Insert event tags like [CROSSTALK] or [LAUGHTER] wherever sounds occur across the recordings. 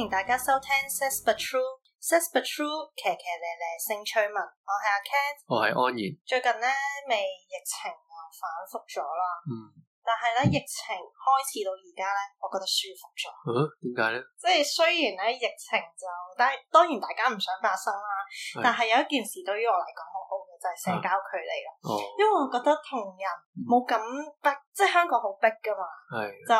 歡迎大家收聽《says but true》，《says but true》，騎騎咧咧，興趣文。我係阿 Ken，我係安然。最近咧，未疫情又反覆咗啦。嗯。但係咧，疫情開始到而家咧，我覺得舒服咗。啊？點解咧？即係雖然咧，疫情就，但係當然大家唔想發生啦。但係有一件事對於我嚟講好好嘅就係社交距離咯。哦。因為我覺得同人冇咁逼，即係香港好逼噶嘛。係。就。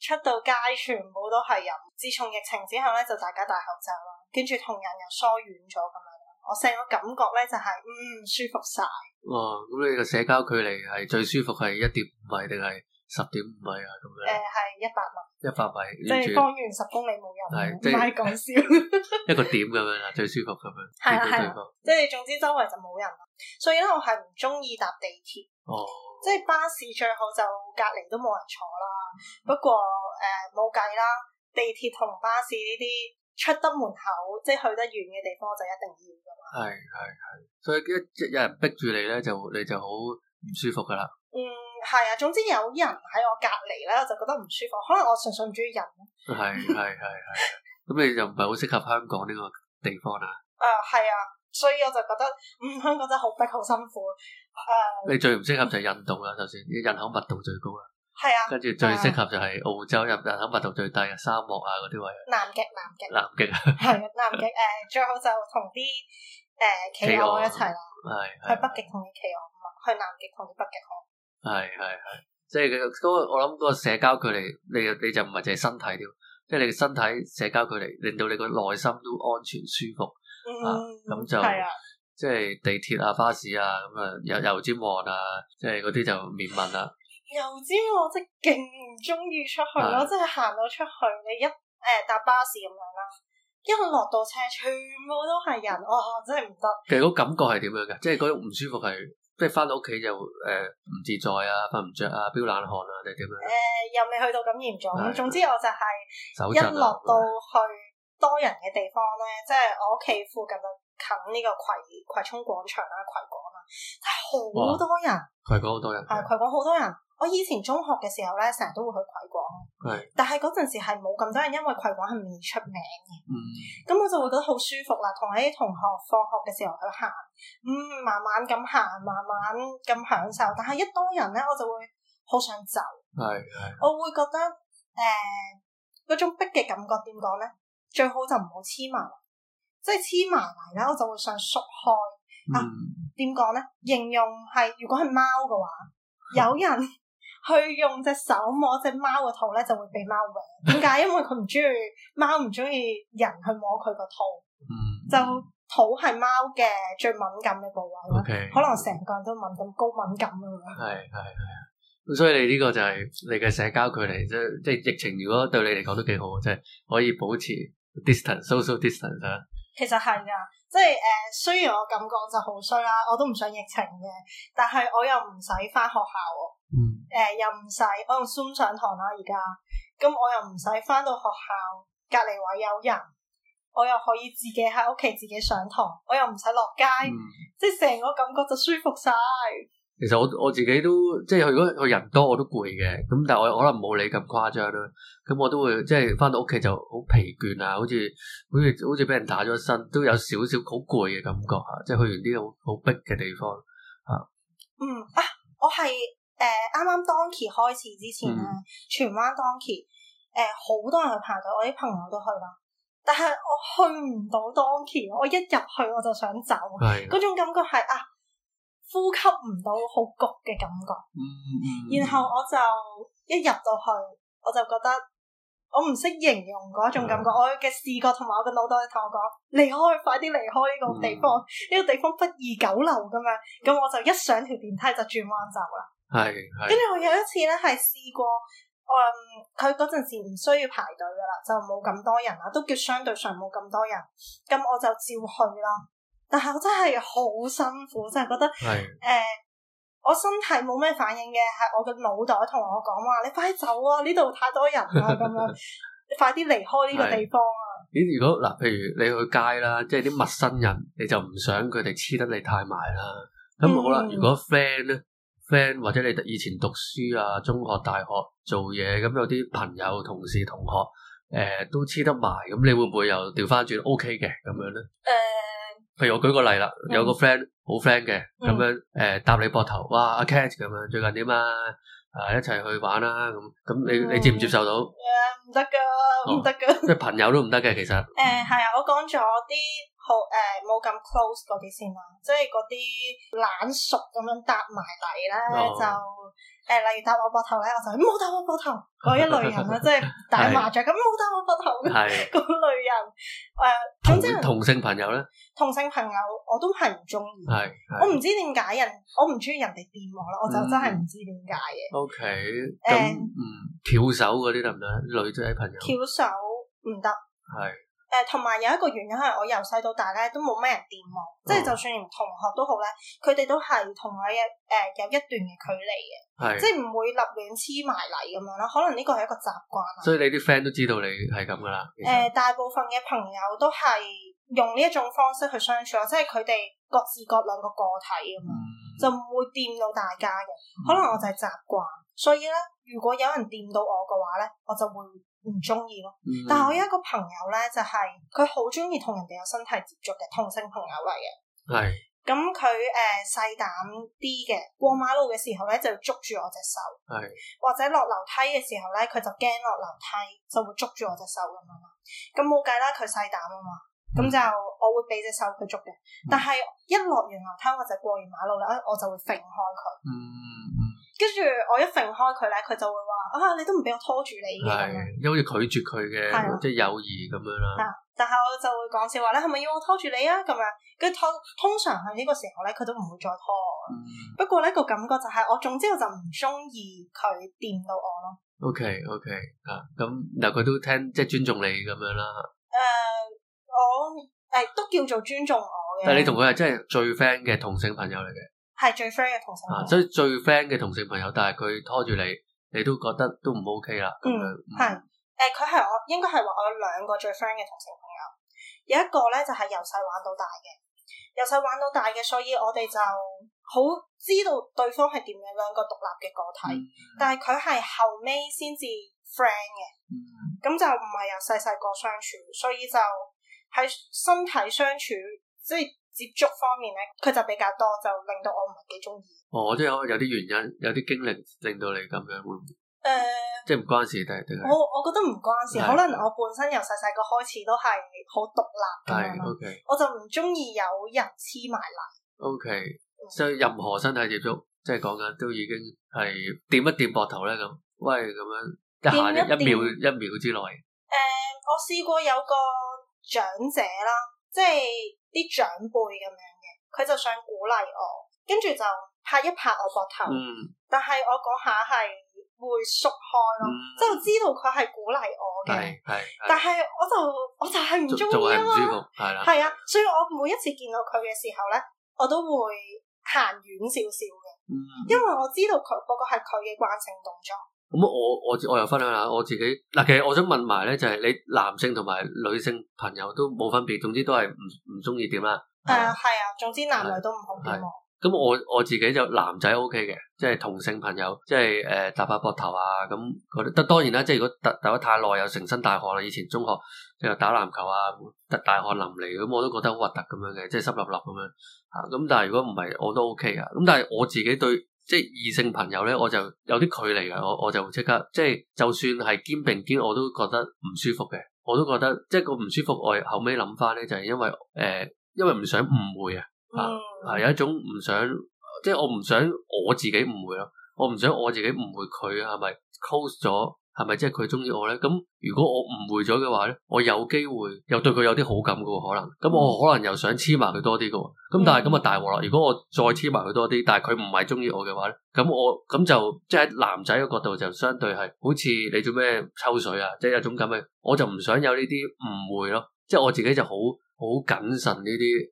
出到街全部都係人，自從疫情之後咧，就大家戴口罩啦，跟住同人又疏遠咗咁樣。我成個感覺咧就係、是，嗯，舒服晒。哦，咁你個社交距離係最舒服係一點五米定係十點五米啊？咁樣？誒、呃，係一百米。一百米，即係方圓十公里冇人，唔係講笑。一個點咁樣啦，最舒服咁樣。係啦 [LAUGHS] 的，係啦，即係你 [LAUGHS] 總之周圍就冇人啦。所以咧，我係唔中意搭地鐵。哦。 [NOISE] [NOISE] 即係巴士最好就隔籬都冇人坐啦，嗯、不過誒冇計啦，地鐵同巴士呢啲出得門口，即係去得遠嘅地方就一定要噶嘛。係係係，所以一有人逼住你咧，就你就好唔舒服噶啦。嗯，係啊，總之有人喺我隔籬咧，我就覺得唔舒服，可能我純粹唔中意人咯。係係係係，咁 [LAUGHS] 你就唔係好適合香港呢個地方啊？呃、啊，係啊。所以我就覺得，嗯，香港真係好逼，好辛苦。誒，你最唔適合就係印度啦，首先，人口密度最高啦。係啊。跟住最適合就係澳洲，人口密度最低嘅沙漠啊嗰啲位。南極。南極，南極。南極。係，南極誒最好就同啲誒企鵝一齊啦。係安。去北極同你企鵝，啊、去南極同你北極熊。係係係，即係個我諗嗰個社交距離，你你就唔係淨係身體添，即係你嘅身體社交距離，令到你個內心都安全舒服。啊，咁就是的 即係地鐵啊、巴士啊，咁啊有油尖旺啊，即係嗰啲就免問啦。油尖旺即係勁唔中意出去咯，是的 即係行到出去，你一誒搭、呃、巴士咁樣啦，一落到車全部都係人，哇、哦，真係唔得。其實嗰感覺係點樣嘅？即係嗰種唔舒服係，即係翻到屋企就誒唔、呃、自在啊，瞓唔着啊，飆冷汗啊，定係點樣？誒、呃，又未去到咁嚴重，是的 總之我就係、是、一落到去。多人嘅地方咧，即係我屋企附近就近呢個葵葵涌廣場啦，葵廣嘛，真係好多人。葵廣好多人，係葵廣好多人。我以前中學嘅時候咧，成日都會去葵廣，係是，但係嗰陣時係冇咁多人，因為葵廣係唔易出名嘅。嗯，咁我就會覺得好舒服啦。同喺啲同學放學嘅時候去行，咁慢慢咁行，慢慢咁享受。但係一多人咧，我就會好想走，係係是，我會覺得誒嗰呃種逼嘅感覺點講咧？最好就唔好黐埋，即係黐埋嚟咧，我就會想縮開。嗱、啊，點講咧？形容係如果係貓嘅話，嗯、有人去用隻手摸隻貓個肚咧，就會俾貓搲。點解？因為佢唔中意貓，唔中意人去摸佢個肚。嗯，就肚係貓嘅最敏感嘅部位，可能成個人都敏感，高敏感咁樣。係係係啊！所以你呢個就係你嘅社交距離，即係即係疫情，如果對你嚟講都幾好，即係可以保持。distance、social distance 啊，其實係噶，即係誒、呃，雖然我咁講就好衰啦，我都唔想疫情嘅，但係我又唔使翻學校，誒又唔使我用 Zoom 上堂啦而家，咁我又唔使翻到學校隔籬位有人，我又可以自己喺屋企自己上堂，我又唔使落街，嗯、即係成個感覺就舒服晒。其實我我自己都即係如果佢人多我都攰嘅，咁但係我可能冇你咁誇張咯。咁我都會即係返到屋企就好疲倦啊，好似好似好似俾人打咗一身，都有少少好攰嘅感覺啊！即係去完啲好好逼嘅地方啊。嗯啊，我係誒啱啱 Donki 開始之前咧，荃灣 Donki，誒好、呃、多人去排隊，我啲朋友都去啦。但係我去唔到 Donki，我一入去我就想走，嗰係種感覺係啊。呼吸唔到好焗嘅感覺，嗯、然後我就一入到去，我就覺得我唔識形容嗰種感覺。嗯、我嘅視覺同埋我嘅腦袋同我講，離開，快啲離開呢個地方，呢、嗯、個地方不宜久留咁樣。咁、嗯、我就一上條電梯就轉彎走啦。係，係，跟住我有一次咧，係試過，誒、嗯，佢嗰陣時唔需要排隊噶啦，就冇咁多人啦，都叫相對上冇咁多人。咁我就照去啦。但係我真係好辛苦，真係覺得誒是的、呃，我身體冇咩反應嘅，係我嘅腦袋同我講話，你快走啊！呢度太多人啦，啊，咁 [LAUGHS] 樣，你快啲離開呢個地方啊！咦？如果嗱，譬如你去街啦，即係啲陌生人，你就唔想佢哋黐得你太埋啦。咁、嗯、好啦，如果 friend 咧、嗯、friend 或者你以前讀書啊、中學、大學做嘢，咁有啲朋友、同事、同學，誒、呃，都黐得埋，咁你會唔會又調翻轉？OK 嘅咁樣咧？誒。譬如我舉個例啦，有個 friend 好 friend 嘅咁樣，誒、嗯欸、搭你膊頭，哇阿 Cat 咁樣，最近點啊？誒、啊、一齊去玩啦、啊、咁，咁你你，你接唔接受到？誒唔得㗎，唔得㗎。即係朋友都唔得嘅，其實。誒係啊，我講咗啲。誒冇咁 close 嗰啲先啦，即係嗰啲懶熟咁樣搭埋嚟咧，like，就誒例如搭我膊頭咧，我就冇搭我膊頭嗰一類人啦，即係打麻雀咁冇搭我膊頭嗰類人誒。總之同性朋友咧，同性朋友我都係唔中意，我唔知點解人，我唔中意人哋掂我啦，我就真係唔知點解嘅。OK，咁翹手嗰啲得唔得？女仔朋友翹手唔得，係。Okay。誒，同埋、呃、有一個原因係我由細到大咧都冇咩人掂我，嗯、即係就算連同學好都好咧，佢哋都係同我有誒有一段嘅距離嘅，是的 即係唔會立亂黐埋嚟咁樣咯。可能呢個係一個習慣，所以你啲 friend 都知道你係咁噶啦。誒、呃，大部分嘅朋友都係用呢一種方式去相處、嗯、即係佢哋各自各兩個個體咁樣，嗯、就唔會掂到大家嘅。可能我就係習慣，所以咧，如果有人掂到我嘅話咧，我就會。唔中意咯，但係我有一個朋友咧，就係佢好中意同人哋有身體接觸嘅同性朋友嚟嘅。係是，咁佢誒細膽啲嘅，過馬路嘅時候咧就要捉住我隻手，係是，或者落樓梯嘅時候咧，佢就驚落樓梯，就會捉住我隻手咁啊嘛。咁冇計啦，佢細膽啊嘛，咁就我會俾隻手佢捉嘅。嗯、但係一落完樓梯，或者過完馬路啦，我就會甩開佢。嗯。跟住我一甩開佢咧，佢就會話：啊，你都唔俾我拖住你嘅，因為拒絕佢嘅的即係友誼咁樣啦。但係、啊、我就會講笑話你係咪要我拖住你啊？咁樣，跟住通常喺呢個時候咧，佢都唔會再拖我。嗯、不過咧個感覺就係、是、我總之我就唔中意佢掂到我咯。OK OK，啊咁但，佢、嗯、都聽即係尊重你咁樣啦。誒、呃、我誒、哎、都叫做尊重我嘅。但係你同佢係真係最 friend 嘅同性朋友嚟嘅。係最 friend 嘅同性朋友，即、啊、所以最 friend 嘅同性朋友，但係佢拖住你，你都覺得都唔 OK 啦，咁樣係誒，佢係、嗯、呃、我應該係話我有兩個最 friend 嘅同性朋友，有一個咧就係由細玩到大嘅，由細玩到大嘅，所以我哋就好知道對方係點樣兩個獨立嘅個體，嗯、但係佢係後屘先至 friend 嘅，咁、嗯、就唔係由細細個相處，所以就喺身體相處即係。就是接觸方面咧，佢就比較多，就令到我唔係幾中意。哦，即係有啲原因，有啲經歷令到你咁樣咯。誒、呃，即係唔關事，但係定係。我我覺得唔關事，是可能我本身由細細個開始都係好獨立咁樣。Okay, 我就唔中意有人黐埋嚟。O okay , K，、嗯、所以任何身體接觸，即係講緊都已經係掂一掂膊頭咧咁。喂，咁樣一下碰一碰，一秒一秒之內。誒、嗯，我試過有個長者啦。即係啲長輩咁樣嘅，佢就想鼓勵我，跟住就拍一拍我膊頭。嗯、但係我嗰下係會縮開咯，嗯、即係我知道佢係鼓勵我嘅，但係我就我就係唔中意咯，係啊，所以我每一次見到佢嘅時候咧，我都會行遠少少嘅。嗯、因為我知道佢嗰、嗰個係佢嘅慣性動作。咁我我我又分享下我自己嗱，其實我想問埋咧，就係你男性同埋女性朋友都冇分別，總之都係唔唔中意點啦。誒係啊，啊，總之男女都唔好嘅、啊。咁、啊、我我自己就男仔 O K 嘅，即係同性朋友，即係誒搭下膊頭啊，咁得當然啦、啊。即係如果搭搭得太耐又成身大汗啦，以前中學就打籃球啊，大汗淋漓，咁我都覺得好核突咁樣嘅，即係濕立立咁樣啊。咁但係如果唔係，我都 O K 噶。咁但係我自己對。即係異性朋友咧，我就有啲距離嘅，我我就即刻，即係就算係肩並肩，我都覺得唔舒服嘅，我都覺得即係個唔舒服。我後尾諗翻咧，就係因為誒、呃，因為唔想誤會啊，係、啊、有、啊、一種唔想，即係我唔想我自己誤會咯，我唔想我自己誤會佢係咪 close 咗？係咪即係佢中意我咧？咁如果我誤會咗嘅話咧，我有機會又對佢有啲好感嘅可能。咁我可能又想黐埋佢多啲嘅。咁但係咁啊大鑊啦！如果我再黐埋佢多啲，但係佢唔係中意我嘅話咧，咁我咁就即係男仔嘅角度就相對係好似你做咩抽水啊？即係有種咁嘅，我就唔想有呢啲誤會咯。即係我自己就好好謹慎呢啲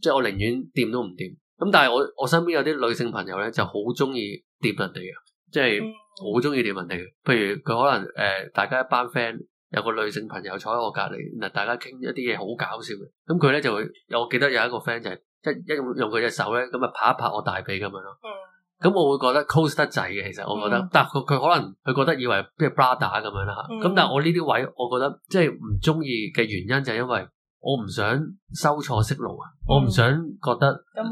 誒，即係我寧願掂都唔掂。咁但係我我身邊有啲女性朋友咧就好中意掂人哋嘅，即係。嗯我好中意呢個問題嘅，譬如佢可能誒、呃，大家一班 friend 有個女性朋友坐喺我隔籬，嗱，大家傾一啲嘢，好搞笑嘅，咁佢咧就會，我記得有一個 friend 就係、是、一一用佢隻手咧，咁啊拍一拍我大髀咁樣咯，咁、嗯、我會覺得 close 得滯嘅，其實我覺得，嗯、但係佢佢可能佢覺得以為即係 brother 咁樣啦，咁、嗯、但係我呢啲位，我覺得即係唔中意嘅原因就係因為，我唔想收錯色路啊，嗯、我唔想覺得。嗯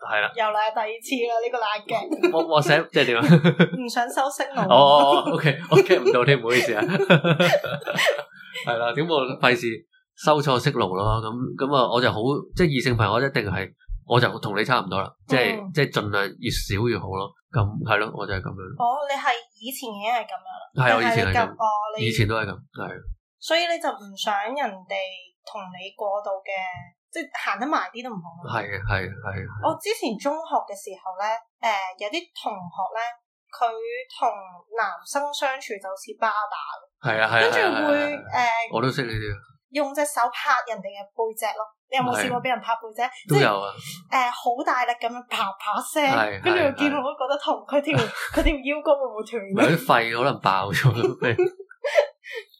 係啦，又嚟第二次啦，呢、這個眼鏡。我我寫即係點啊？唔 [LAUGHS] 想收息路 [LAUGHS] 哦。哦 o、OK, k 我 get 唔到你唔好意思啊。係 [LAUGHS] 啦，咁我費事收錯息路咯。咁咁啊，我就好即係異性朋友一定係，我就同你差唔多啦。嗯、即係即係盡量越少越好咯。咁係咯，我就係咁樣。哦，你係以前已經係咁樣啦，係我以前係咁。哦、以前都係咁，係。所以你就唔想人哋同你過度嘅。即係行得埋啲都唔好。係啊係啊係啊！我之前中學嘅時候咧，誒有啲同學咧，佢同男生相處就似巴打。係啊係。跟住會誒，我都識呢啲。用隻手拍人哋嘅背脊咯，你有冇試過俾人拍背脊？都有啊。誒，好大力咁樣啪啪聲，跟住又見到覺得痛，佢條佢條腰骨會唔會斷咧？佢啲肺可能爆咗啦。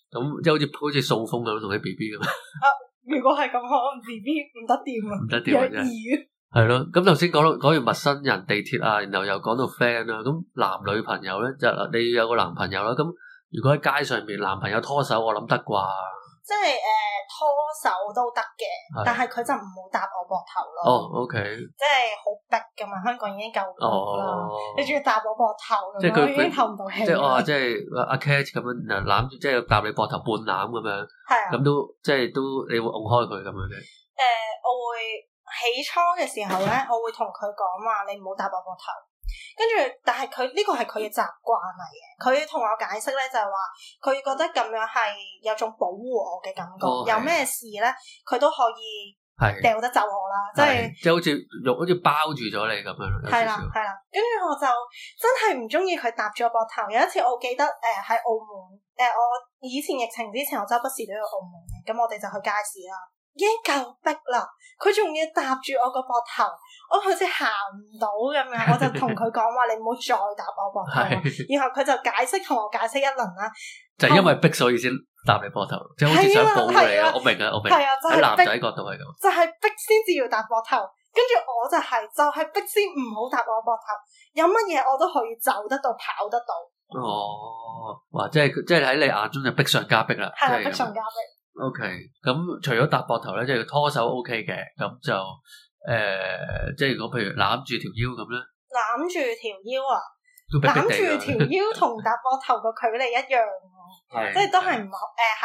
咁即係好似好似掃風咁同啲 B B 咁啊。如果係咁，我 B B 唔得掂啊！唔得掂啊，真係，係咯。咁頭先講到講完陌生人地鐵啊，然後又講到 friend 啊。咁男女朋友咧，就是，你要有個男朋友啦。咁如果喺街上面，男朋友拖手，我諗得啩。即係誒、呃、拖手都得嘅，但係佢就唔好搭我膊頭咯。哦，OK 的。即係好逼㗎嘛，香港已經夠迫啦，你仲要搭我膊頭咁樣，我已經透唔到氣。即係我話即係阿 Cat 咁樣攬住，即係搭你膊頭半攬咁樣。係啊，咁都即係都你會拱開佢咁樣嘅。誒，我會起初嘅時候咧，我會同佢講話， [LAUGHS] 你唔好搭我膊頭。跟住，但係佢呢個係佢嘅習慣嚟嘅。佢同我解釋咧，就係話佢覺得咁樣係有種保護我嘅感覺。Okay. 有咩事咧，佢都可以係掉得走我啦，是即係是即好似肉好似包住咗你咁樣咯，係啦係啦。跟住我就真係唔中意佢搭住我膊頭。有一次我記得誒喺、呃、澳門誒、呃，我以前疫情之前我周不時都去澳門嘅，咁我哋就去街市啦。已經夠逼啦，佢仲要搭住我個膊頭，我好似行唔到咁樣，我就同佢講話：你唔好再搭我膊頭。 [LAUGHS] 然後佢就解釋同我解釋一輪啦，就係因為逼所以先搭你膊頭，即係、嗯、好似想抱你嘅的。我明㗎，我明。係、就、啊、是，喺男仔角度係咁，就係逼先至要搭膊頭。跟住我就係就係逼先唔好搭我膊頭。有乜嘢我都可以走得到、跑得到。哦，哇！即係即係喺你眼中就逼上加逼啦，係啊對，逼上加逼。O K，咁除咗搭膊頭咧，即係要拖手 O K 嘅，咁就誒，即係如果譬如攬住條腰咁咧，攬住條腰啊，攬住條腰同搭膊頭個距離一樣嘅， [LAUGHS] 是即係都係唔好誒喺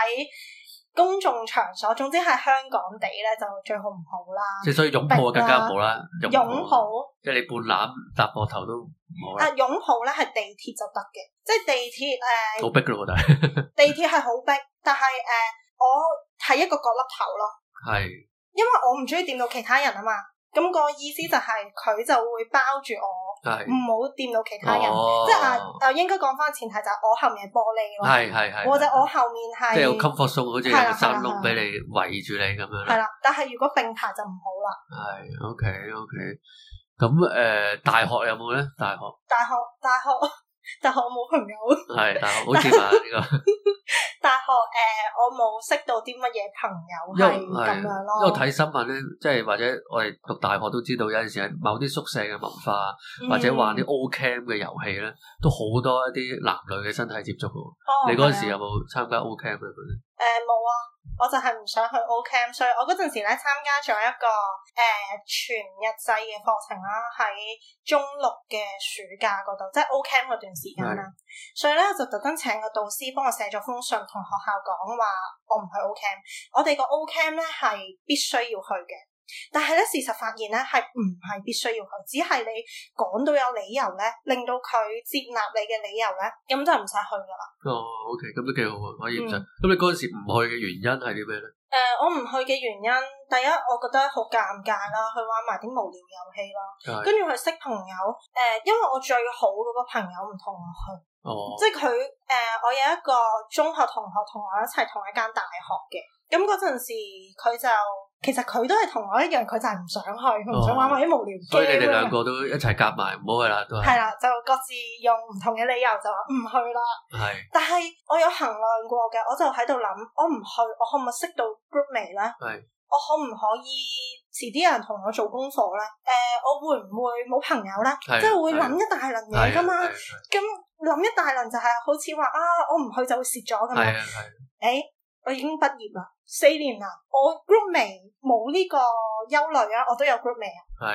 公眾場所，總之係香港地咧就最好唔好啦。即係所以擁抱更加唔好啦，擁抱即係你半攬搭膊頭都唔好。但擁抱咧係地鐵就得嘅，即係地鐵誒好逼噶喎，覺得地鐵係好逼，但係誒。我係一個角落頭，咯，是因為我唔中意掂到其他人啊嘛，咁、那個意思就係、是、佢就會包住我，唔好掂到其他人，哦、即係啊就應該講翻前提就是、我後面玻璃，或者我後面係，即係有 comfort zone，好似有山窿俾你圍住你咁樣。係啦，但係如果並排就唔好啦、啊。係，OK OK。咁、呃、誒，大學有冇咧？大學，大學，大學，大學。大學冇朋友，係， [LAUGHS] 但係好似話呢個。大學誒，我冇識到啲乜嘢朋友係咁樣咯。因為睇新聞咧，即係或者我哋讀大學都知道，有陣時喺某啲宿舍嘅文化，或者玩啲 O Camp 嘅遊戲咧，都好多一啲男女嘅身體接觸嘅。嗯、你嗰陣時有冇參加 O Camp 嘅？誒、呃，冇啊。我就係唔想去 O Camp，所以我嗰陣時咧參加咗一個誒、呃、全日制嘅課程啦、啊，喺中六嘅暑假嗰度，即係 O Camp 嗰段時間啦。的所以咧，我就特登請個導師幫我寫咗封信，同學校講話我唔去 O Camp，我哋個 O Camp 咧係必須要去嘅。但係咧，事實發現咧，係唔係必須要去？只係你講到有理由咧，令到佢接納你嘅理由咧，咁、嗯、就唔使去噶啦。哦、oh，OK，咁都幾好啊，可以嘅。咁、嗯、你嗰陣時唔去嘅原因係啲咩咧？誒、呃，我唔去嘅原因，第一我覺得好尷尬啦，去玩埋啲無聊遊戲啦，跟住佢識朋友。誒、呃，因為我最好嗰個朋友唔同我去，oh. 即係佢誒，我有一個中學同學同我一齊同一間大學嘅，咁嗰陣時佢就。其實佢都係同我一樣，佢就係唔想去，佢唔想玩或者無聊嘅。所以你哋兩個都一齊夾埋，唔好去啦，都係。係啦，就各自用唔同嘅理由就話唔去啦。係。但係我有衡量過嘅，我就喺度諗，我唔去，我可唔可以識到 group member 咧？係。我可唔可以遲啲有人同我做功課咧？誒，我會唔會冇朋友咧？即係會諗一大輪嘢噶嘛？咁諗一大輪就係好似話啊，我唔去就會蝕咗㗎嘛。係。我已經畢業啦，四年啦，我 group mate，冇呢個憂慮啊，我都有 group mate 啊是，係，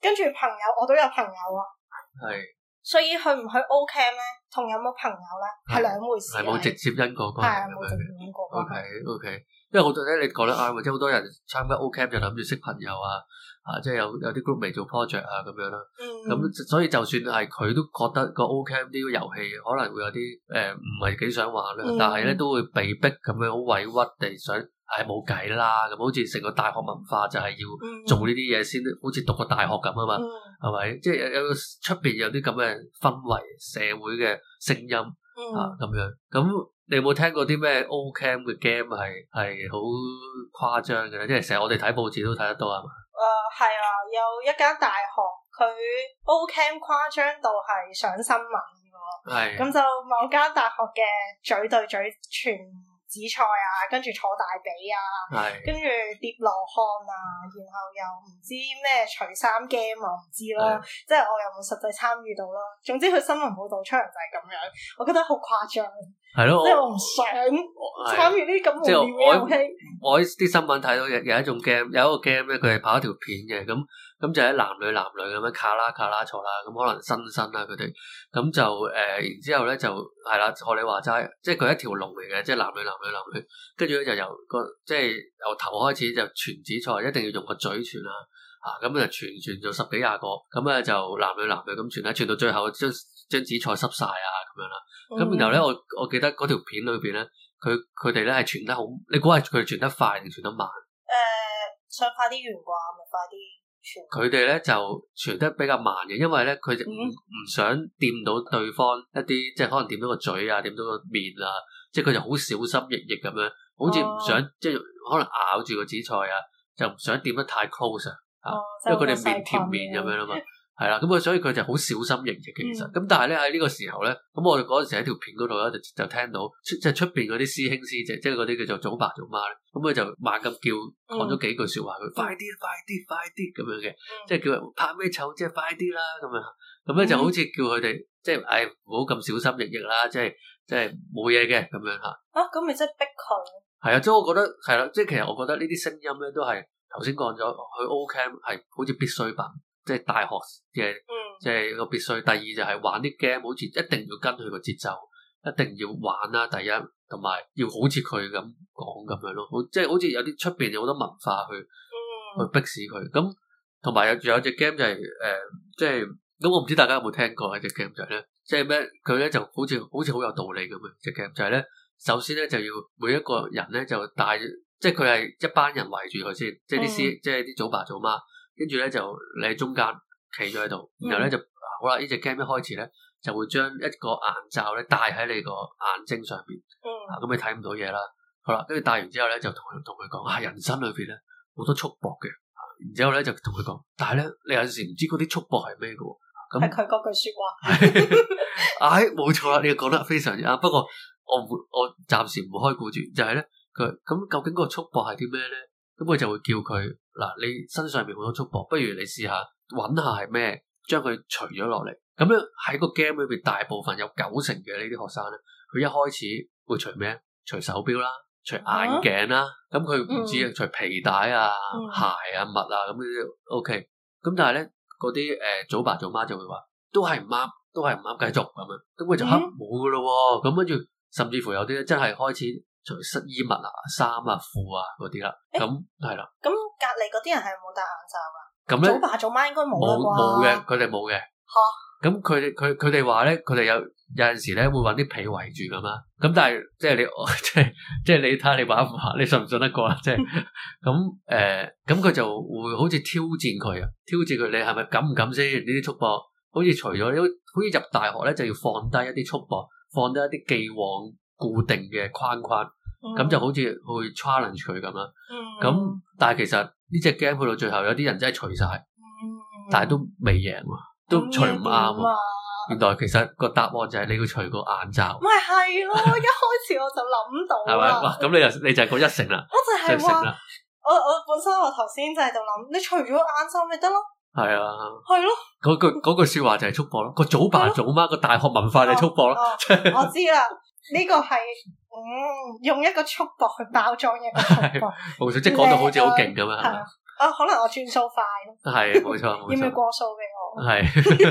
跟住朋友我都有朋友啊，係是，所以去唔去 Ocamp 咧，同有冇朋友咧係兩回事，係冇直接因果關係，冇直接因果關係，OK OK，因為我覺得你講得啱，或者好多人參加 Ocamp 就諗住識朋友啊。啊，即係有有啲 group 未做 project 啊，咁樣啦。咁、嗯、所以就算係佢都覺得個 O Camp 呢個遊戲可能會有啲誒唔係幾想玩啦，嗯、但係咧都會被逼咁樣好委屈地想，唉冇計啦。咁好似成個大學文化就係要做呢啲嘢先，嗯、好似讀個大學咁啊嘛，係咪、嗯？即係有出邊有啲咁嘅氛圍、社會嘅聲音、嗯、啊咁樣。咁你有冇聽過啲咩 O Camp 嘅 game 係係好誇張嘅咧？即係成日我哋睇報紙都睇得多啊。是誒係、uh, 啊，有一間大學佢 O camp 誇張到係上新聞嘅喎，咁是的 就某間大學嘅嘴對嘴傳紫菜啊，跟住坐大髀啊，是的 跟住疊羅漢啊，然後又唔知咩除衫 game 我唔知啦，是的 即係我又冇實際參與到啦。總之佢新聞報導出嚟就係咁樣，我覺得好誇張。係咯，即係我唔想參與呢啲咁無聊嘅遊戲。我啲新聞睇到有有一種 game，有一個 game 咧，佢係拍一條片嘅，咁咁就喺男女男女咁樣卡拉卡拉坐啦，咁可能新新啦佢哋，咁就誒、呃，然之後咧就係啦，學、嗯、你話齋，即係佢一條龍嚟嘅，即係男女男女男女，跟住咧就由個即係由頭開始就傳紙菜，一定要用個嘴傳啊，吓咁啊傳傳做十幾廿個，咁、嗯、啊就,就男女男女咁傳啦，傳到最後將。將紫菜濕晒啊，咁樣啦。咁然後咧，我我記得嗰條片裏邊咧，佢佢哋咧係傳得好。你估下，佢哋傳得快定傳得慢？誒、呃，想快啲完啩，咪快啲傳。佢哋咧就傳得比較慢嘅，因為咧佢就唔想掂到對方一啲，即係可能掂到個嘴啊，掂到個面啊，即係佢就好小心翼翼咁樣，好似唔想、哦、即係可能咬住個紫菜啊，就唔想掂得太 close 啊、哦，因為佢哋面貼面咁樣啊嘛。 [LAUGHS] 係啦，咁佢所以佢就好小心翼翼嘅。其實咁但係咧喺呢個時候咧，咁我哋嗰陣時喺條片嗰度咧就就聽到出即係出邊嗰啲師兄師姐，即係嗰啲叫做祖爸祖媽咧，咁佢就猛咁叫講咗幾句說話，佢、嗯、快啲快啲快啲咁樣嘅，即係叫拍咩醜，即係快啲啦咁樣，咁咧就好似叫佢哋即係唉唔好咁小心翼翼啦，即係即係冇嘢嘅咁樣吓。啊，咁你真係逼佢。係啊，即係我覺得係啦，即係其實我覺得呢啲聲音咧都係頭先講咗，佢 o c a 係好似必需吧。即係大學嘅，即係個別墅。第二就係玩啲 game，好似一定要跟佢個節奏，一定要玩啦。第一，同埋要好似佢咁講咁樣咯。即係好似有啲出邊有好多文化去去逼使佢。咁同埋有仲有隻 game 就係、是、誒，即係咁我唔知大家有冇聽過一隻 game 就係、是、咧，即係咩？佢咧就好似好似好有道理咁樣隻 game 就係、是、咧，首先咧就要每一個人咧就帶，即係佢係一班人圍住佢先，即係啲師，嗯、即係啲祖爸祖媽。跟住咧就你喺中間企咗喺度，然後咧就好啦。呢隻 game 一開始咧，就會將一個眼罩咧戴喺你個眼睛上邊，咁、嗯啊、你睇唔到嘢啦。好啦，跟住戴完之後咧，就同同佢講啊，人生裏邊咧好多束縛嘅，然之後咧就同佢講，但係咧你有陣時唔知嗰啲束縛係咩嘅。咁係佢嗰句說話。唉、 [LAUGHS] [LAUGHS] 哎，冇錯啦，你就講得非常之啱。不過我唔，我暫時唔開顧住，就係咧佢咁究竟個束縛係啲咩咧？咁、嗯、我就會叫佢。嗱，你身上邊好多束縛，不如你試，試下揾下係咩，將佢除咗落嚟。咁樣喺個 game 裏邊，大部分有九成嘅呢啲學生咧，佢一開始會除咩？除手錶啦，除眼鏡啦，咁佢唔止啊，除皮帶啊、鞋啊、襪啊咁嗰啲。O K。咁、okay，但係咧，嗰啲誒組爸組媽就會話，都係唔啱，都係唔啱，繼續咁樣。咁佢就黑毛㗎咯喎。咁跟住，甚至乎有啲咧真係開始。除失衣物啊、衫啊、褲啊嗰啲啦，咁係啦。咁隔籬嗰啲人係冇戴眼罩啊。咁早爸早媽應該冇啩。冇冇嘅，佢哋冇嘅。吓。咁佢佢佢哋話咧，佢哋 Huh? 有有陣時咧會搵啲被圍住咁啊。咁但係即係你即係即係你睇下你玩唔你信唔信得過啊？即係咁誒，咁佢、 [LAUGHS] 嗯呃、就會好似挑戰佢啊，挑戰佢你係咪敢唔敢先？呢啲束縛，好似除咗好似入大學咧就要放低一啲束縛，放低一啲既往。固定嘅框框，咁就好似去 challenge 佢咁啦。咁但係其實呢隻 game 去到最後有啲人真係除晒，但係都未贏，都除唔啱。原來其實個答案就係你要除個眼罩。咪係咯，一開始我就諗到啦。係咪？咁你又你就個一成啦。我就係話，我我本身我頭先就係度諗，你除咗眼罩咪得咯。係啊，係咯。嗰句嗰句說話就係束縛咯。個早爸早媽個大學文化就係束縛咯。我知啦。呢個係嗯用一個束縛去包裝一個束縛，冇錯，即係講到好似好勁咁啊！可能我轉數快，係冇錯冇錯。要唔要過數俾我？係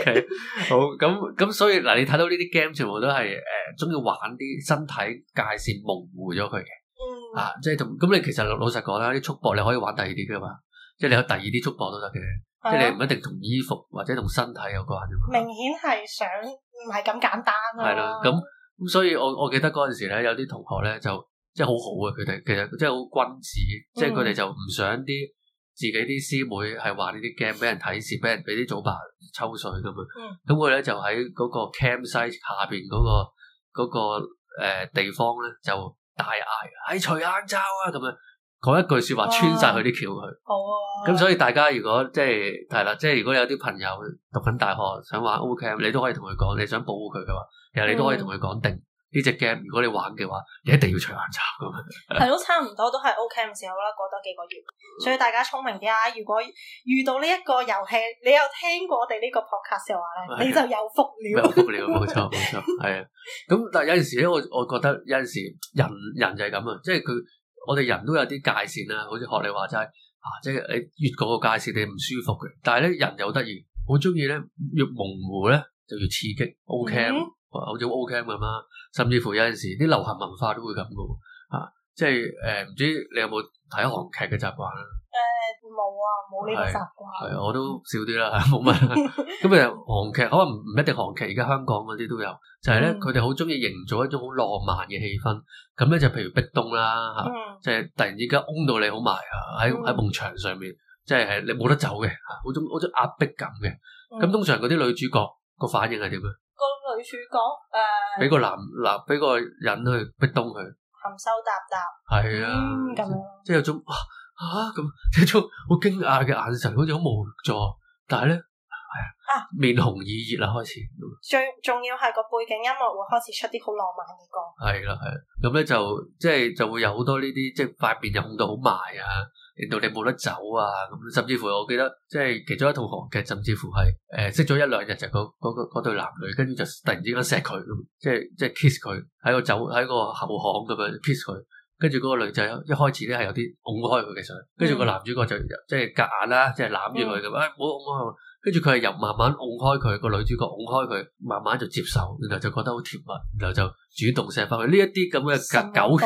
OK，好咁咁，所以嗱，你睇到呢啲 game 全部都係誒，中意玩啲身體界線模糊咗佢嘅，啊，即係同咁你其實老老實講啦，啲束縛你可以玩第二啲噶嘛，即係你有第二啲束縛都得嘅，即係你唔一定同衣服或者同身體有關，明顯係想唔係咁簡單啊，係啦咁。咁所以，我我記得嗰陣時咧，有啲同學咧就即係好好啊！佢哋其實即係好君子，嗯、即係佢哋就唔想啲自己啲師妹係話呢啲 game 俾人睇，是俾人俾啲祖爸抽水咁啊！咁佢咧就喺嗰個 campsite 下邊嗰個嗰個誒地方咧就大嗌：喺除眼罩啊！咁啊！講一句說話穿晒佢啲橋佢，咁、哦哦哦嗯、所以大家如果即係係啦，即係如果你有啲朋友讀緊大學想玩 O.K.M.，你都可以同佢講，你想保護佢嘅話，其實你都可以同佢講定呢隻 game，如果你玩嘅話，你一定要除眼罩咁。係、嗯、都差唔多，都係 O.K.M. 嘅時候啦，過多幾個月，所以大家聰明啲啊！如果遇到呢一個遊戲，你有聽過我哋呢個 podcast 嘅話咧，的你就有福了。冇錯冇錯，係啊。咁 [LAUGHS] 但係有陣時咧，我我覺得有陣時人人就係咁啊，即係佢。我哋人都有啲界線啦、啊，好似學你話齋，啊，即係你越過個界線，你唔舒服嘅。但係咧，人又得意，好中意，咧越模糊咧就越刺激。O.K.，mm hmm. 啊，好似 O.K. 咁啦，甚至乎有陣時啲流行文化都會咁噶喎，啊即係誒，唔、呃、知你有冇睇韓劇嘅習慣咧？誒、呃，冇啊，冇呢個習慣。係我都少啲啦，冇乜 [LAUGHS] 問。咁啊，韓劇可能唔一定韓劇，而家香港嗰啲都有。就係、是、咧，佢哋好中意營造一種好浪漫嘅氣氛。咁咧就譬如壁咚啦，吓、嗯啊，就係、是、突然之間嗡到你好埋，喺喺埲牆上面，即係係你冇得走嘅，吓，好種好種壓迫感嘅。咁、嗯、通常嗰啲女主角個反應係點樣？個、嗯、女主角誒，俾、uh、個男男俾個人去壁咚佢。含羞答答，係啊，咁、嗯、樣即係有種哇吓，即一種好驚訝嘅眼神，好似好無助，但係咧，係啊，面紅耳熱啦，開始。最重要係個背景音樂會開始出啲好浪漫嘅歌，係啦係啦，咁咧、啊啊、就即係就會有好多呢啲，即係塊面又紅到好埋啊。令到你冇得走啊！咁甚至乎我記得，即係其中一套韓劇，甚至乎係誒識咗一兩日就嗰嗰對男女，跟住就突然之間錫佢咁，即係即係 kiss 佢喺個走喺個後巷咁樣 kiss 佢，跟住嗰個女仔一開始咧係有啲拱開佢嘅相。跟住個男主角就、嗯、即係夾硬啦，即係攬住佢咁，誒好唔跟住佢係由慢慢拱開佢，個女主角拱開佢，慢慢就接受，然後就覺得好甜蜜，然後就主動錫翻佢。呢一啲咁嘅狗血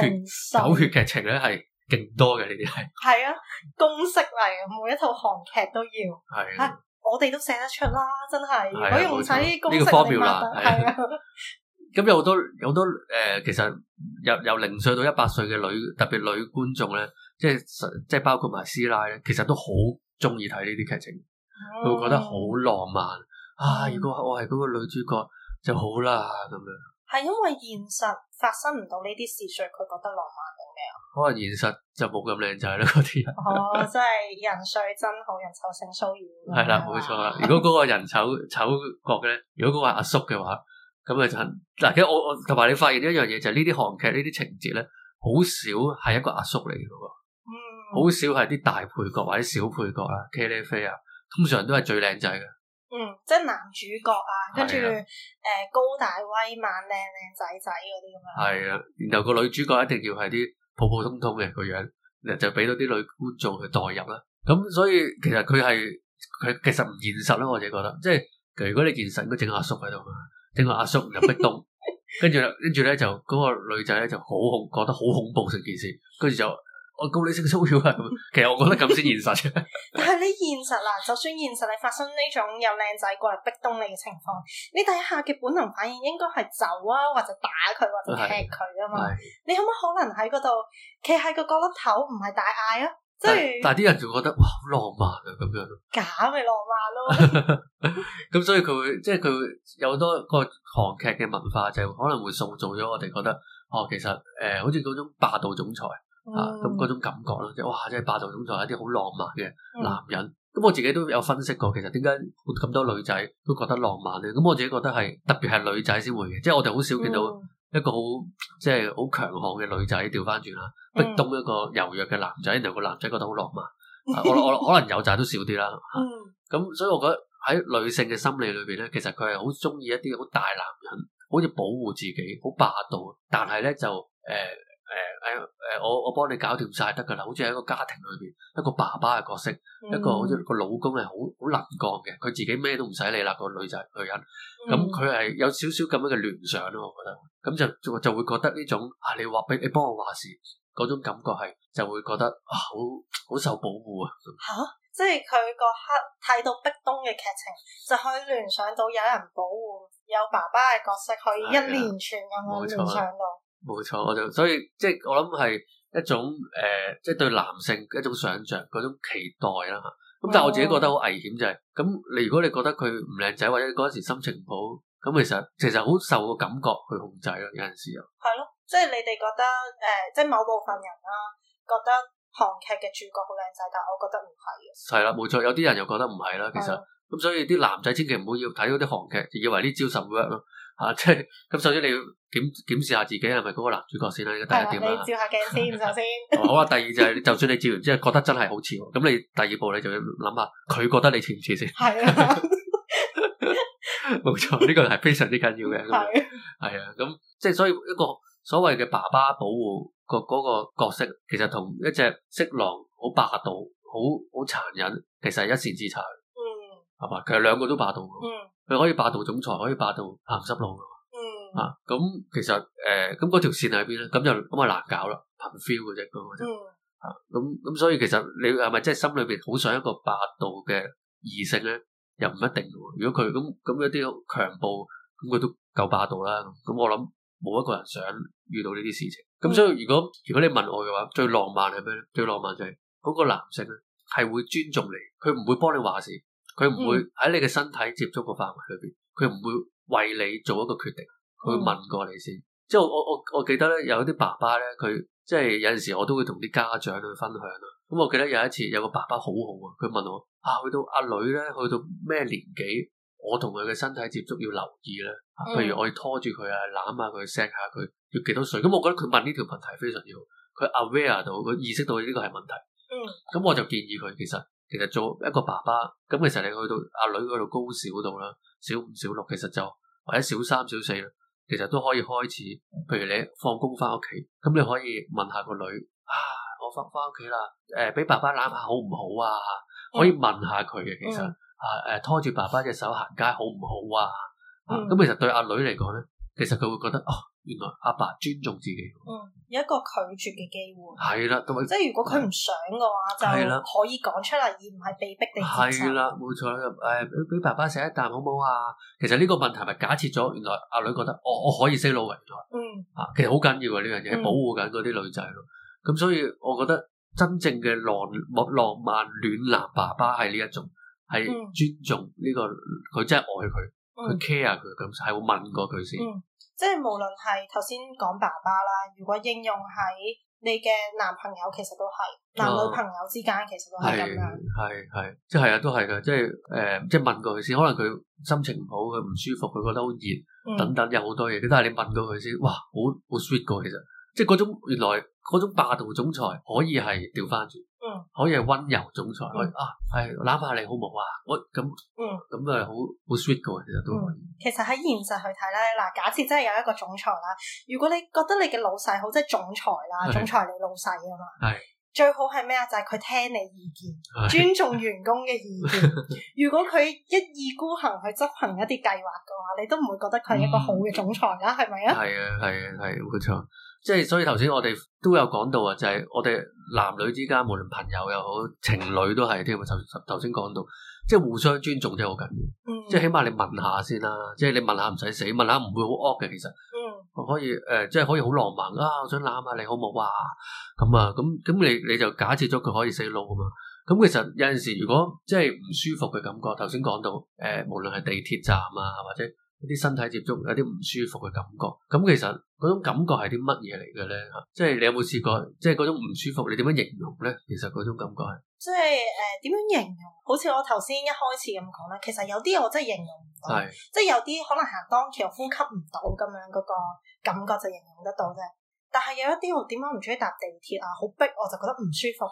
狗血劇情咧係。勁多嘅呢啲係，係啊公式嚟嘅，每一套韓劇都要係、啊。我哋都寫得出啦，真係，啊、我唔使啲公式。呢個方便啦，係。咁、啊啊、 [LAUGHS] 有好多好多誒、呃，其實由由零歲到一百歲嘅女，特別女觀眾咧，即係即係包括埋師奶咧，其實都好中意睇呢啲劇情，佢、嗯、會覺得好浪漫啊！如果我係嗰個女主角就好啦，咁樣。係因為現實發生唔到呢啲事，所以佢覺得浪漫。可能現實就冇咁靚仔啦嗰啲，人哦，真係人帥真好人醜性騷擾。係啦， [LAUGHS] 冇錯啦。如果嗰個人醜醜角咧，如果嗰個阿叔嘅話，咁啊就嗱，其實我我同埋你發現一樣嘢，就係呢啲韓劇呢啲情節咧，好少係一個阿叔嚟噶喎，嗯，好少係啲大配角或者小配角啊，茄喱啡啊，通常都係最靚仔嘅。嗯，即係男主角啊，跟住誒的高大威猛靚靚仔仔嗰啲咁樣。係啊、嗯，然後個女主角一定要係啲。普普通通嘅個樣，就俾到啲女觀眾去代入啦。咁所以其實佢係佢其實唔現實啦。我自己覺得，即係如果你現實，應該整阿叔喺度嘛，整個阿叔入壁咚，跟住啦，跟住咧就嗰個女仔咧就好恐，覺得好恐怖成件事，跟住就。我告你性騷擾啊！咁，其實我覺得咁先現實嘅、啊。 [LAUGHS] 但係你現實啊，就算現實你發生呢種有靚仔過嚟逼動你嘅情況，你第一下嘅本能反應應該係走啊，或者打佢，或者踢佢啊嘛。嗯哎、你有冇可能喺嗰度企喺個角落頭唔係大嗌啊？即、就、係、是、但係啲人仲覺得哇，好浪漫嘅、啊、咁樣，假咪浪漫咯。咁 [LAUGHS] 所以佢會即係佢會有多個韓劇嘅文化，就可能會塑造咗我哋覺得哦，其實誒，好似嗰種霸道總裁。嗯、啊，咁嗰種感覺咯，即係哇，真係霸道總裁，一啲好浪漫嘅男人。咁、嗯、我自己都有分析過，其實點解咁多女仔都覺得浪漫咧？咁我自己覺得係特別係女仔先會嘅，即係我哋好少見到一個好、嗯、即係好強悍嘅女仔，調翻轉啦，壁咚一個柔弱嘅男仔，然後個男仔覺得好浪漫。啊、我我可能有，但都少啲啦。咁、 [LAUGHS] 啊、所以我覺得喺女性嘅心理裏邊咧，其實佢係好中意一啲好大男人，好似保護自己，好霸道，但係咧就誒。呃誒誒、哎，我我幫你搞掂晒得噶啦，好似喺一個家庭裏邊，一個爸爸嘅角色，嗯、一個好似個老公係好好能幹嘅，佢自己咩都唔使理啦，個女仔女人，咁佢係有少少咁樣嘅聯想咯，我覺得，咁就就會覺得呢種啊，你話俾你幫我話事嗰種感覺係，就會覺得好好、啊哎啊、受保護啊吓，即係佢嗰刻睇到壁咚嘅劇情，就可以聯想到有人保護，有爸爸嘅角色可以一連串咁樣聯想到。冇錯，我就所以即係我諗係一種誒、呃，即係對男性一種想象、嗰種期待啦，咁但係我自己覺得好危險就係，咁你、哦、如果你覺得佢唔靚仔或者嗰陣時心情唔好，咁其實其實好受個感覺去控制咯，有陣時啊，係咯。即係你哋覺得誒、呃，即係某部分人啦，覺得韓劇嘅主角好靚仔，但係我覺得唔係嘅。係啦，冇錯，有啲人又覺得唔係啦。其實咁、哦、所以啲男仔千祈唔好要睇到啲韓劇就以為呢招神 work 咯吓。即係咁，首先你。要……檢檢視下自己係咪嗰個男主角先啦，呢個第一點啦。你照下鏡先，首先、 [LAUGHS] 哦。好啊，第二就係、是，就算你照完之後覺得真係好似，咁你第二步你就要諗下，佢覺得你似唔似先。係啊嗎，冇錯， [LAUGHS] [LAUGHS] 呢、這個係非常之緊要嘅。係啊，咁即係所以一個所謂嘅爸爸保護個嗰個角色，其實同一隻色狼好霸道，好好殘忍，其實係一線之差。嗯。係嘛，其實兩個都霸道。嗯。佢可以霸道總裁，可以霸道行濕路啊，咁其實誒，咁、呃、嗰條線喺邊咧？咁就咁啊難搞啦，憑 feel 嘅啫，咁咁 Yeah.、啊、所以其實你係咪真係心裏邊好想一個霸道嘅異性咧？又唔一定嘅。如果佢咁咁一啲強暴，咁、嗯、佢都夠霸道啦。咁我諗冇一個人想遇到呢啲事情。咁所以 Yeah. 如果如果你問我嘅話，最浪漫係咩咧？最浪漫就係嗰個男性咧，係會尊重你，佢唔會幫你話事，佢唔會喺你嘅身體接觸個範圍裏邊，佢唔會為你做一個決定。佢問過你先，即係我我我記得咧，有啲爸爸咧，佢即係有陣時我都會同啲家長去分享啊。咁我記得有一次有個爸爸好好啊，佢問我啊，去到阿女咧，去到咩年紀，我同佢嘅身體接觸要留意咧，啊。譬如我要拖住佢啊，攬下佢，錫下佢，要幾多歲？咁我覺得佢問呢條問題非常要，佢 aware 到，佢意識到呢個係問題。咁、嗯、我就建議佢，其實其實做一個爸爸，咁其實你去到阿女嗰度，高小度啦，小五小六，其實就或者小三小四。其實都可以開始，譬如你放工翻屋企，咁你可以問下個女啊，我翻翻屋企啦，誒、呃，俾爸爸攬下好唔好啊？嗯、可以問下佢嘅，其實啊，誒、呃，拖住爸爸隻手行街好唔好啊？咁、嗯啊、其實對阿女嚟講咧，其實佢會覺得哦。啊原來阿爸，爸尊重自己，嗯，有一個拒絕嘅機會。係啦的，同埋即係如果佢唔想嘅話，的就可以講出嚟，而唔係被逼定要。係啦，冇錯啦，誒，俾爸爸食一啖好唔好啊？其實呢個問題咪假設咗，原來阿女覺得我，我我可以識老嘅，原來嗯，啊，其實好緊要喎呢樣嘢，係保護緊嗰啲女仔咯。咁、嗯、所以我覺得真正嘅浪浪漫暖男爸爸係呢一種，係尊重呢、這個佢真係愛佢，佢、嗯嗯、care 佢咁，係會問過佢先。嗯即係無論係頭先講爸爸啦，如果應用喺你嘅男朋友，其實都係男女朋友之間，其實都係咁樣。係係，即係啊，都係㗎，即係誒、呃，即係問過佢先，可能佢心情唔好，佢唔舒服，佢覺得好熱等等有，有好多嘢。但係你問過佢先，哇，好好 sweet 㗎，其實即係嗰種原來嗰種霸道總裁可以係調翻轉。嗯，可以係温柔總裁，我啊係攬下你好唔好啊？哎、好我咁嗯咁啊好好 sweet 嘅，其實都可以。嗯、其實喺現實去睇咧嗱，假設真係有一個總裁啦，如果你覺得你嘅老細好即係總裁啦，的總裁你老細啊嘛，係的最好係咩啊？就係、是、佢聽你意見，的尊重員工嘅意見。的 [LAUGHS] 如果佢一意孤行去執行一啲計劃嘅。你都唔會覺得佢係一個好嘅總裁啦？係咪啊？係啊吧，係啊，係，冇錯。即係所以頭先我哋都有講到啊，就係、是、我哋男女之間無論朋友又好情侶都係添啊。頭頭先講到，即係互相尊重真係好緊要。嗯、即係起碼你問下先啦、啊，即係你問下唔使死，問下唔會好惡嘅。其實、嗯、可以誒，即係可以好浪漫啊！我想攬下你，好冇哇？咁啊，咁咁、啊、你你就假設咗佢可以死路噶嘛？咁其實有陣時，如果即係唔舒服嘅感覺，頭先講到誒、呃，無論係地鐵站啊，或者一啲身體接觸，有啲唔舒服嘅感覺。咁、嗯、其實嗰種感覺係啲乜嘢嚟嘅咧？嚇、啊，即係你有冇試過？即係嗰種唔舒服，你點樣形容咧？其實嗰種感覺係即係誒點樣形容？好似我頭先一開始咁講咧，其實有啲我真係形容唔到，即係是有啲可能行當橋又呼吸唔到咁樣嗰個感覺就形容得到啫。但係有一啲我點解唔中意搭地鐵啊？好逼，我就覺得唔舒服。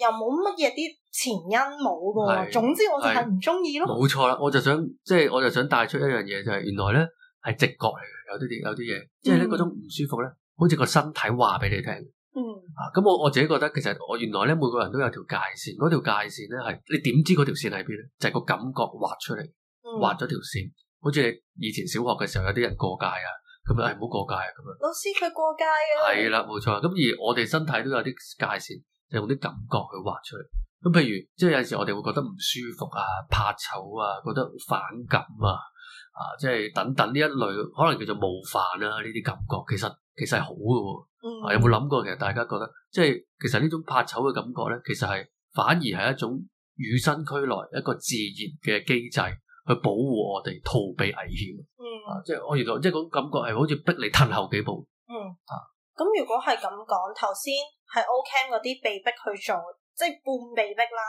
又冇乜嘢啲前因冇嘅，總之我就係唔中意咯。冇錯啦，我就想即係，我就想帶出一樣嘢，就係原來咧係直覺嚟嘅，有啲啲有啲嘢，即係咧嗰種唔舒服咧，好似個身體話俾你聽。嗯，咁我我自己覺得，其實我原來咧每個人都有條界線，嗰條界線咧係你點知嗰條線喺邊咧？就係個感覺畫出嚟，畫咗條線，好似以前小學嘅時候有啲人過界啊，咁樣係唔好過界啊，咁樣。老師佢過界啊。係啦，冇錯。咁而我哋身體都有啲界線。用啲感覺去畫出嚟，咁譬如即係有時我哋會覺得唔舒服啊、怕醜啊、覺得反感啊，啊即係等等呢一類，可能叫做冒犯啊。呢啲感覺，其實其實係好嘅喎、啊嗯啊。有冇諗過其實大家覺得即係其實呢種怕醜嘅感覺咧，其實係反而係一種與生俱來一個自然嘅機制去保護我哋逃避危險，啊。嗯，啊、即係我原來即係嗰種感覺係好似逼你退後幾步。嗯，啊。咁如果係咁講，頭先係 Ocamp 嗰啲被逼去做，即係半被逼是的 啦，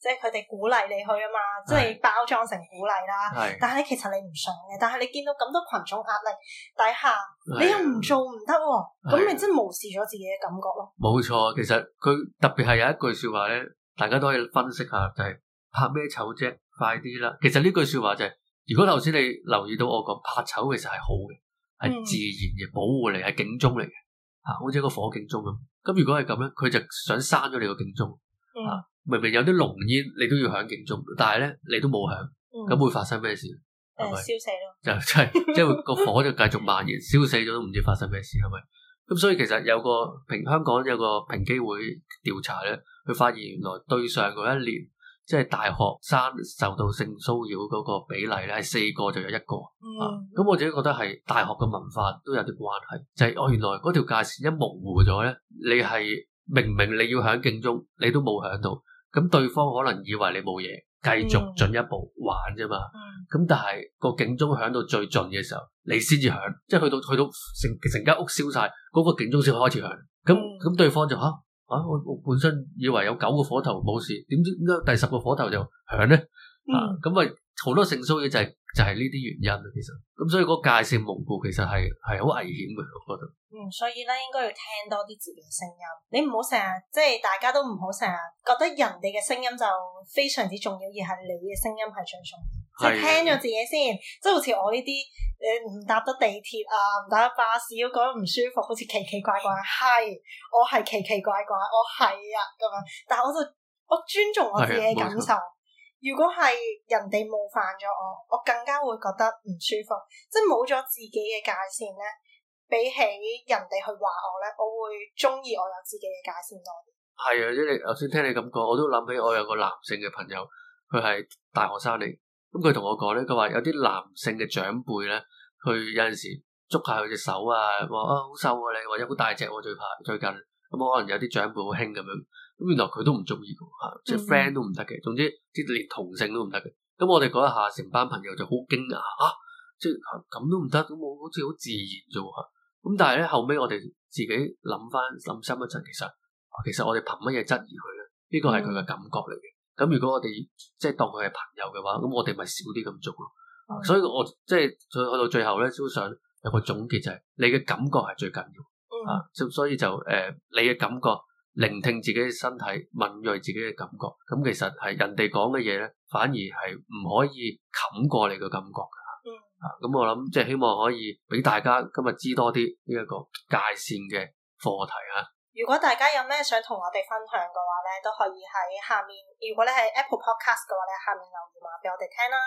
即係佢哋鼓勵你去啊嘛，即係包裝成鼓勵啦。但係其實你唔想嘅。但係你見到咁多群眾壓力底下，是的 你又唔做唔得，啊，咁是的 你真係無視咗自己嘅感覺咯。冇錯，其實佢特別係有一句說話咧，大家都可以分析下，就係，是，拍咩醜啫，快啲啦。其實呢句說話就係，是，如果頭先你留意到我講拍醜其實係好嘅，係自然嘅保護嚟，係警鐘嚟嘅。吓，好似一個火警鐘咁。咁如果係咁咧，佢就想閂咗你個警鐘。啊、嗯，明明有啲濃煙，你都要響警鐘，但係咧，你都冇響，咁、嗯、會發生咩事？誒、呃，燒死咯！就是、 [LAUGHS] 即係即係個火就繼續蔓延，燒死咗都唔知發生咩事，係咪？咁所以其實有個平香港有個平機會調查咧，佢發現原來對上嗰一年。即係大學生受到性騷擾嗰個比例咧，係四個就有一個。嗯，咁、啊、我自己覺得係大學嘅文化都有啲關係。就係哦，原來嗰條界線一模糊咗咧，你係明明你要響警鐘，你都冇響到。咁對方可能以為你冇嘢，繼續進一步玩啫嘛。咁、嗯、但係個警鐘響到最盡嘅時候，你先至響，即係去到去到成成間屋燒晒，嗰個警鐘先開始響。咁咁、嗯、對方就吓。啊！我我本身以為有九個火頭冇事，點知點解第十個火頭就響咧？嗯、啊！咁咪好多性騷嘢，就係、係、就係呢啲原因其實，咁所以嗰個界線模糊，其實係係好危險嘅，我覺得。嗯，所以咧應該要聽多啲自己嘅聲音，你唔好成日即係大家都唔好成日覺得人哋嘅聲音就非常之重要，而係你嘅聲音係最重要。要。就聽咗自己先，即係好似我呢啲誒唔搭得地鐵啊，唔搭得巴士都覺得唔舒服，好似奇奇怪怪。係，我係奇奇怪怪，我係啊咁樣。但係我就我尊重我自己嘅感受。如果係人哋冒犯咗我，我更加會覺得唔舒服。即係冇咗自己嘅界線咧，比起人哋去話我咧，我會鍾意我有自己嘅界線多啲。係啊，即係你頭先聽你咁講，我都諗起我有個男性嘅朋友，佢係大學生嚟。咁佢同我講咧，佢話有啲男性嘅長輩咧，佢有陣時捉下佢隻手啊，話啊好瘦啊你，或者好大隻我最怕最近，咁我、嗯、可能有啲長輩好興咁樣，咁原來佢都唔中意嘅吓，即係 friend 都唔得嘅，總之即係連同性都唔得嘅。咁我哋嗰一下成班朋友就好驚訝啊，即係咁都唔得，咁我好似好自然咋？咁但係咧後尾我哋自己諗翻諗深一層，其實、啊、其實我哋憑乜嘢質疑佢咧？呢個係佢嘅感覺嚟嘅。咁如果我哋即係當佢係朋友嘅話，咁我哋咪少啲咁做咯 Okay.。所以，我即係所以去到最後咧，都想有個總結就係、是，你嘅感覺係最緊要、mm. 啊。所以就誒、呃，你嘅感覺，聆聽自己嘅身體，敏銳自己嘅感覺。咁、嗯、其實係人哋講嘅嘢咧，反而係唔可以冚過你嘅感覺噶。啊，咁、嗯啊、我諗即係希望可以俾大家今日知多啲呢一個界線嘅課題啊。如果大家有咩想同我哋分享嘅話咧，都可以喺下面。如果你係 Apple Podcast 嘅話咧，下面留言話俾我哋聽啦。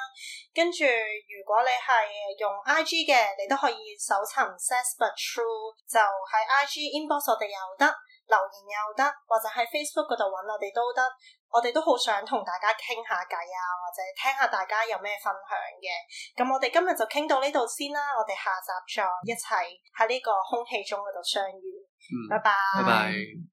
跟住如果你係用 IG 嘅，你都可以搜尋 Says But True，就喺 IG inbox 我哋又得。留言又得，或者喺 Facebook 嗰度揾我哋都得，我哋都好想同大家傾下偈啊，或者聽下大家有咩分享嘅。咁我哋今日就傾到呢度先啦，我哋下集再一齊喺呢個空氣中度相遇。嗯，拜拜。拜拜。拜拜。